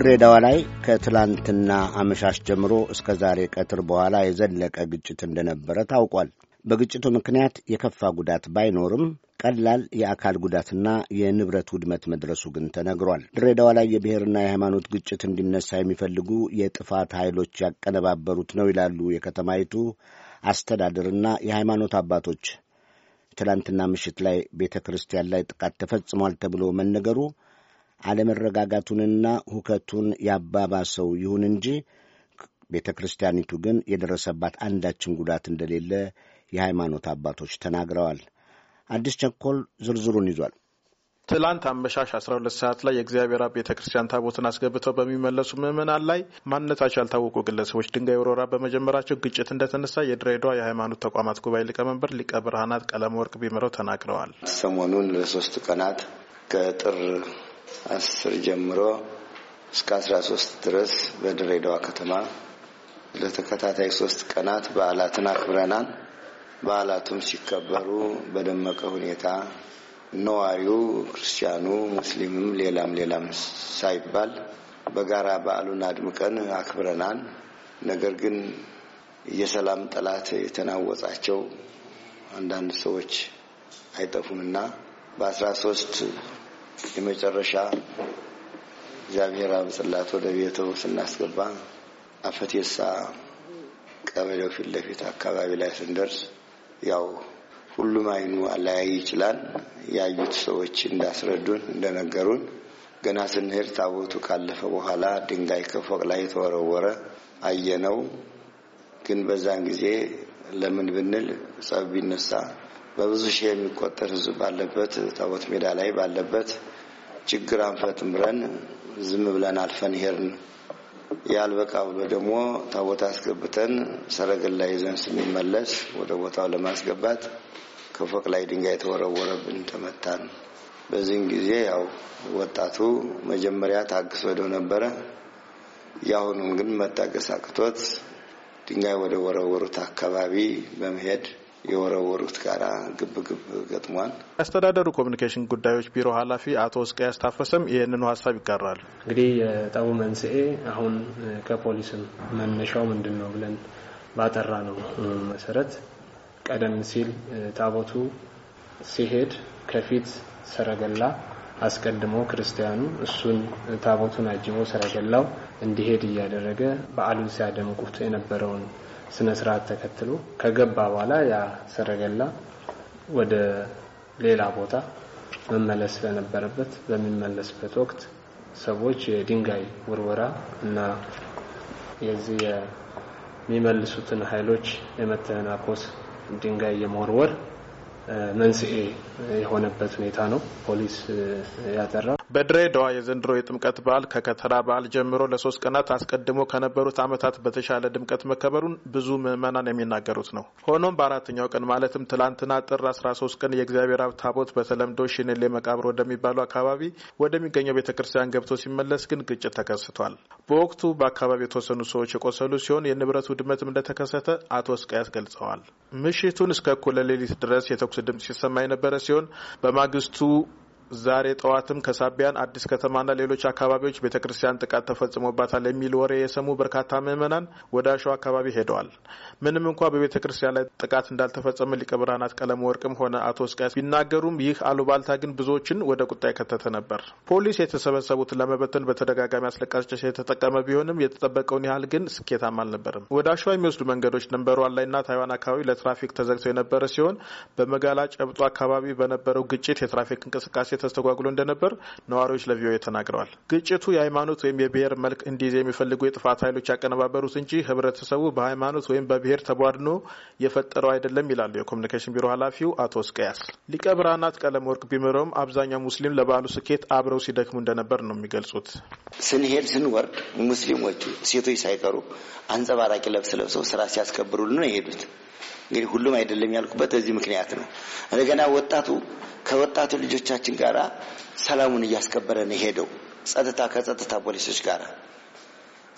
ድሬዳዋ ላይ ከትላንትና አመሻሽ ጀምሮ እስከ ዛሬ ቀትር በኋላ የዘለቀ ግጭት እንደነበረ ታውቋል። በግጭቱ ምክንያት የከፋ ጉዳት ባይኖርም ቀላል የአካል ጉዳትና የንብረት ውድመት መድረሱ ግን ተነግሯል። ድሬዳዋ ላይ የብሔርና የሃይማኖት ግጭት እንዲነሳ የሚፈልጉ የጥፋት ኃይሎች ያቀነባበሩት ነው ይላሉ የከተማይቱ አስተዳደርና የሃይማኖት አባቶች። ትላንትና ምሽት ላይ ቤተ ክርስቲያን ላይ ጥቃት ተፈጽሟል ተብሎ መነገሩ አለመረጋጋቱንና ሁከቱን ያባባሰው ይሁን እንጂ ቤተ ክርስቲያኒቱ ግን የደረሰባት አንዳችን ጉዳት እንደሌለ የሃይማኖት አባቶች ተናግረዋል። አዲስ ቸኮል ዝርዝሩን ይዟል። ትላንት አመሻሽ 12 ሰዓት ላይ የእግዚአብሔር አብ ቤተ ክርስቲያን ታቦትን አስገብተው በሚመለሱ ምዕመናን ላይ ማንነታቸው ያልታወቁ ግለሰቦች ድንጋይ ወረራ በመጀመራቸው ግጭት እንደተነሳ የድሬዳዋ የሃይማኖት ተቋማት ጉባኤ ሊቀመንበር ሊቀ ብርሃናት ቀለም ወርቅ ቢምረው ተናግረዋል። ሰሞኑን ለሶስት ቀናት ከጥር አስር ጀምሮ እስከ አስራ ሶስት ድረስ በድሬዳዋ ከተማ ለተከታታይ ሶስት ቀናት በዓላትን አክብረናል። በዓላቱም ሲከበሩ በደመቀ ሁኔታ ነዋሪው፣ ክርስቲያኑ፣ ሙስሊምም ሌላም ሌላም ሳይባል በጋራ በዓሉን አድምቀን አክብረናል። ነገር ግን የሰላም ጠላት የተናወጻቸው አንዳንድ ሰዎች አይጠፉምና በአስራ ሶስት የመጨረሻ እግዚአብሔር አብጽላት ወደ ቤቱ ስናስገባ አፈቴሳ ቀበሌው ፊት ለፊት አካባቢ ላይ ስንደርስ ያው ሁሉም አይኑ አለያይ ይችላል። ያዩት ሰዎች እንዳስረዱን እንደነገሩን ገና ስንሄድ ታቦቱ ካለፈ በኋላ ድንጋይ ከፎቅ ላይ የተወረወረ አየነው። ግን በዛን ጊዜ ለምን ብንል ጸብ ቢነሳ በብዙ ሺህ የሚቆጠር ህዝብ ባለበት ታቦት ሜዳ ላይ ባለበት ችግር አንፈትም ብለን ዝም ብለን አልፈን ሄርን። ያልበቃ ብሎ ደግሞ ታቦት አስገብተን ሰረገላ ይዘን ስንመለስ ወደ ቦታው ለማስገባት ከፎቅ ላይ ድንጋይ ተወረወረብን፣ ተመታን። በዚህን ጊዜ ያው ወጣቱ መጀመሪያ ታግስ ወደው ነበረ። የአሁኑም ግን መታገስ አቅቶት ድንጋይ ወደ ወረወሩት አካባቢ በመሄድ የወረወሩት ጋራ ግብግብ ገጥሟል። አስተዳደሩ ኮሚኒኬሽን ጉዳዮች ቢሮ ኃላፊ አቶ እስቅያስ ታፈሰም ይህንኑ ሀሳብ ይጋራሉ። እንግዲህ የጠቡ መንስኤ አሁን ከፖሊስም መነሻው ምንድን ነው ብለን ባጠራ ነው መሰረት ቀደም ሲል ታቦቱ ሲሄድ ከፊት ሰረገላ አስቀድሞ ክርስቲያኑ እሱን ታቦቱን አጅቦ ሰረገላው እንዲሄድ እያደረገ በዓሉን ሲያደምቁት የነበረውን ስነ ስርዓት ተከትሎ ከገባ በኋላ ያ ሰረገላ ወደ ሌላ ቦታ መመለስ ስለነበረበት በሚመለስበት ወቅት ሰዎች የድንጋይ ውርወራ እና የዚህ የሚመልሱትን ኃይሎች የመተናኮስ ድንጋይ የመወርወር መንስኤ የሆነበት ሁኔታ ነው ፖሊስ ያጠራው። በድሬዳዋ የዘንድሮ የጥምቀት በዓል ከከተራ በዓል ጀምሮ ለሶስት ቀናት አስቀድሞ ከነበሩት ዓመታት በተሻለ ድምቀት መከበሩን ብዙ ምዕመናን የሚናገሩት ነው። ሆኖም በአራተኛው ቀን ማለትም ትላንትና ጥር 13 ቀን የእግዚአብሔር አብ ታቦት በተለምዶ ሽኔሌ መቃብር ወደሚባለው አካባቢ ወደሚገኘው ቤተ ክርስቲያን ገብቶ ሲመለስ ግን ግጭት ተከስቷል። በወቅቱ በአካባቢው የተወሰኑ ሰዎች የቆሰሉ ሲሆን የንብረቱ ውድመትም እንደተከሰተ አቶ እስቃያስ ገልጸዋል። ምሽቱን እስከ እኩለ ሌሊት ድረስ የተኩስ ድምጽ ሲሰማ የነበረ ሲሆን በማግስቱ ዛሬ ጠዋትም ከሳቢያን አዲስ ከተማና ሌሎች አካባቢዎች ቤተ ክርስቲያን ጥቃት ተፈጽሞባታል የሚል ወሬ የሰሙ በርካታ ምዕመናን ወደ አሸዋ አካባቢ ሄደዋል። ምንም እንኳ በቤተ ክርስቲያን ላይ ጥቃት እንዳልተፈጸመ ሊቀ ብርሃናት ቀለም ወርቅም ሆነ አቶ እስቃያስ ቢናገሩም ይህ አሉባልታ ግን ብዙዎችን ወደ ቁጣ የከተተ ነበር። ፖሊስ የተሰበሰቡትን ለመበተን በተደጋጋሚ አስለቃሽ ጭስ የተጠቀመ ቢሆንም የተጠበቀውን ያህል ግን ስኬታም አልነበርም። ወደ አሸዋ የሚወስዱ መንገዶች ደንበሯን ላይና ታይዋን አካባቢ ለትራፊክ ተዘግተው የነበረ ሲሆን በመጋላ ጨብጦ አካባቢ በነበረው ግጭት የትራፊክ እንቅስቃሴ ተስተጓጉሎ እንደነበር ነዋሪዎች ለቪኦኤ ተናግረዋል። ግጭቱ የሃይማኖት ወይም የብሔር መልክ እንዲይዝ የሚፈልጉ የጥፋት ኃይሎች ያቀነባበሩት እንጂ ህብረተሰቡ በሃይማኖት ወይም በብሔር ተቧድኖ የፈጠረው አይደለም ይላሉ የኮሚኒኬሽን ቢሮ ኃላፊው አቶ እስቀያስ። ሊቀ ብርሃናት ቀለም ወርቅ ቢምረውም አብዛኛው ሙስሊም ለበዓሉ ስኬት አብረው ሲደክሙ እንደነበር ነው የሚገልጹት። ስንሄድ ስንወርድ ሙስሊሞቹ ሴቶች ሳይቀሩ አንጸባራቂ ለብስ ለብሰው ስራ ሲያስከብሩልን ነው የሄዱት። እንግዲህ ሁሉም አይደለም ያልኩበት በዚህ ምክንያት ነው። እንደገና ወጣቱ ከወጣቱ ልጆቻችን ጋር ጋራ ሰላሙን እያስከበረ ነው የሄደው። ጸጥታ ከጸጥታ ፖሊሶች ጋራ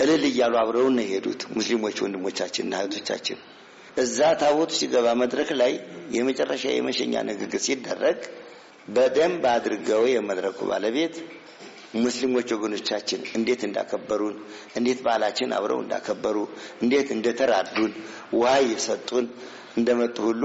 እልል እያሉ አብረውን ነው የሄዱት ሙስሊሞች ወንድሞቻችንና እህቶቻችን። እዛ ታቦቱ ሲገባ መድረክ ላይ የመጨረሻ የመሸኛ ንግግር ሲደረግ በደንብ አድርገው የመድረኩ ባለቤት ሙስሊሞች ወገኖቻችን እንዴት እንዳከበሩን እንዴት ባህላችን አብረው እንዳከበሩ እንዴት እንደተራዱን ውሃ እየሰጡን እንደመጡ ሁሉ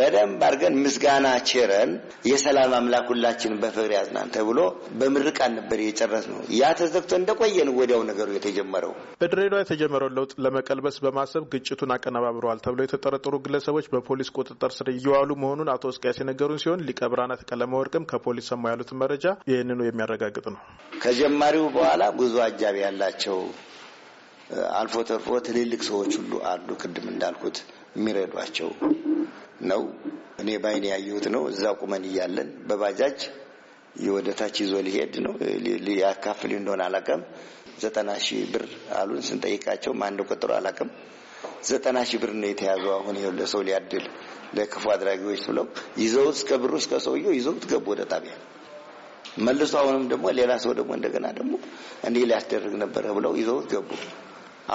በደንብ አድርገን ምስጋና ችረን የሰላም አምላክ ሁላችንን በፍቅር ያዝናን ተብሎ በምርቃን ነበር የጨረስ ነው። ያ ተዘግቶ እንደቆየ ወዲያው ነገሩ የተጀመረው። በድሬዳዋ የተጀመረው ለውጥ ለመቀልበስ በማሰብ ግጭቱን አቀነባብረዋል ተብሎ የተጠረጠሩ ግለሰቦች በፖሊስ ቁጥጥር ስር እየዋሉ መሆኑን አቶ እስቅያስ የነገሩን ሲሆን ሊቀ ብርሃናት ቀለመወርቅም ከፖሊስ ሰማ ያሉትን መረጃ ይህንኑ የሚያረጋግጥ ነው። ከጀማሪው በኋላ ብዙ አጃቢ ያላቸው አልፎ ተርፎ ትልልቅ ሰዎች ሁሉ አሉ። ቅድም እንዳልኩት የሚረዷቸው ነው። እኔ ባይን ያየሁት ነው። እዛ ቁመን እያለን በባጃጅ ወደታች ይዞ ሊሄድ ነው ሊያካፍል እንደሆነ አላውቅም። ዘጠና ሺህ ብር አሉን። ስንጠይቃቸው ማን እንደቆጠሩ አላውቅም። ዘጠና ሺህ ብር ነው የተያዘው። አሁን ይኸው ለሰው ሊያድል ለክፉ አድራጊዎች ብለው ይዘውት እስከ ብሩ እስከ ሰውየው ይዘውት ገቡ ወደ ጣቢያ። መልሶ አሁንም ደግሞ ሌላ ሰው ደግሞ እንደገና ደግሞ እንዲህ ሊያስደርግ ነበረ ብለው ይዘውት ገቡ።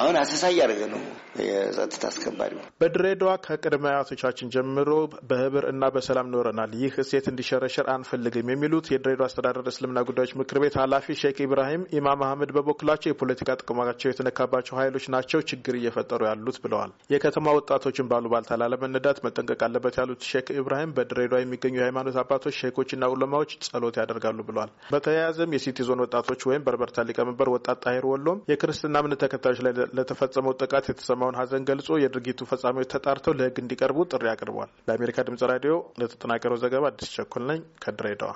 አሁን አሰሳ እያደረገ ነው የጸጥታ አስከባሪ። በድሬዳዋ ከቅድመ አያቶቻችን ጀምሮ በህብር እና በሰላም ኖረናል፣ ይህ እሴት እንዲሸረሸር አንፈልግም የሚሉት የድሬዳዋ አስተዳደር እስልምና ጉዳዮች ምክር ቤት ኃላፊ ሼክ ኢብራሂም ኢማም አህመድ በበኩላቸው የፖለቲካ ጥቅማቸው የተነካባቸው ኃይሎች ናቸው ችግር እየፈጠሩ ያሉት ብለዋል። የከተማ ወጣቶችን ባሉባልታ ላለመነዳት መጠንቀቅ አለበት ያሉት ሼክ ኢብራሂም በድሬዳዋ የሚገኙ የሃይማኖት አባቶች ሼኮችና ዑለማዎች ጸሎት ያደርጋሉ ብለዋል። በተያያዘም የሲቲ ዞን ወጣቶች ወይም በርበርታ ሊቀመንበር ወጣት ጣሄር ወሎም የክርስትና እምነት ተከታዮች ላይ ለተፈጸመው ጥቃት የተሰማውን ሀዘን ገልጾ የድርጊቱ ፈጻሚዎች ተጣርተው ለህግ እንዲቀርቡ ጥሪ አቅርቧል። ለአሜሪካ ድምጽ ራዲዮ ለተጠናቀረው ዘገባ አዲስ ቸኮል ነኝ ከድሬዳዋ።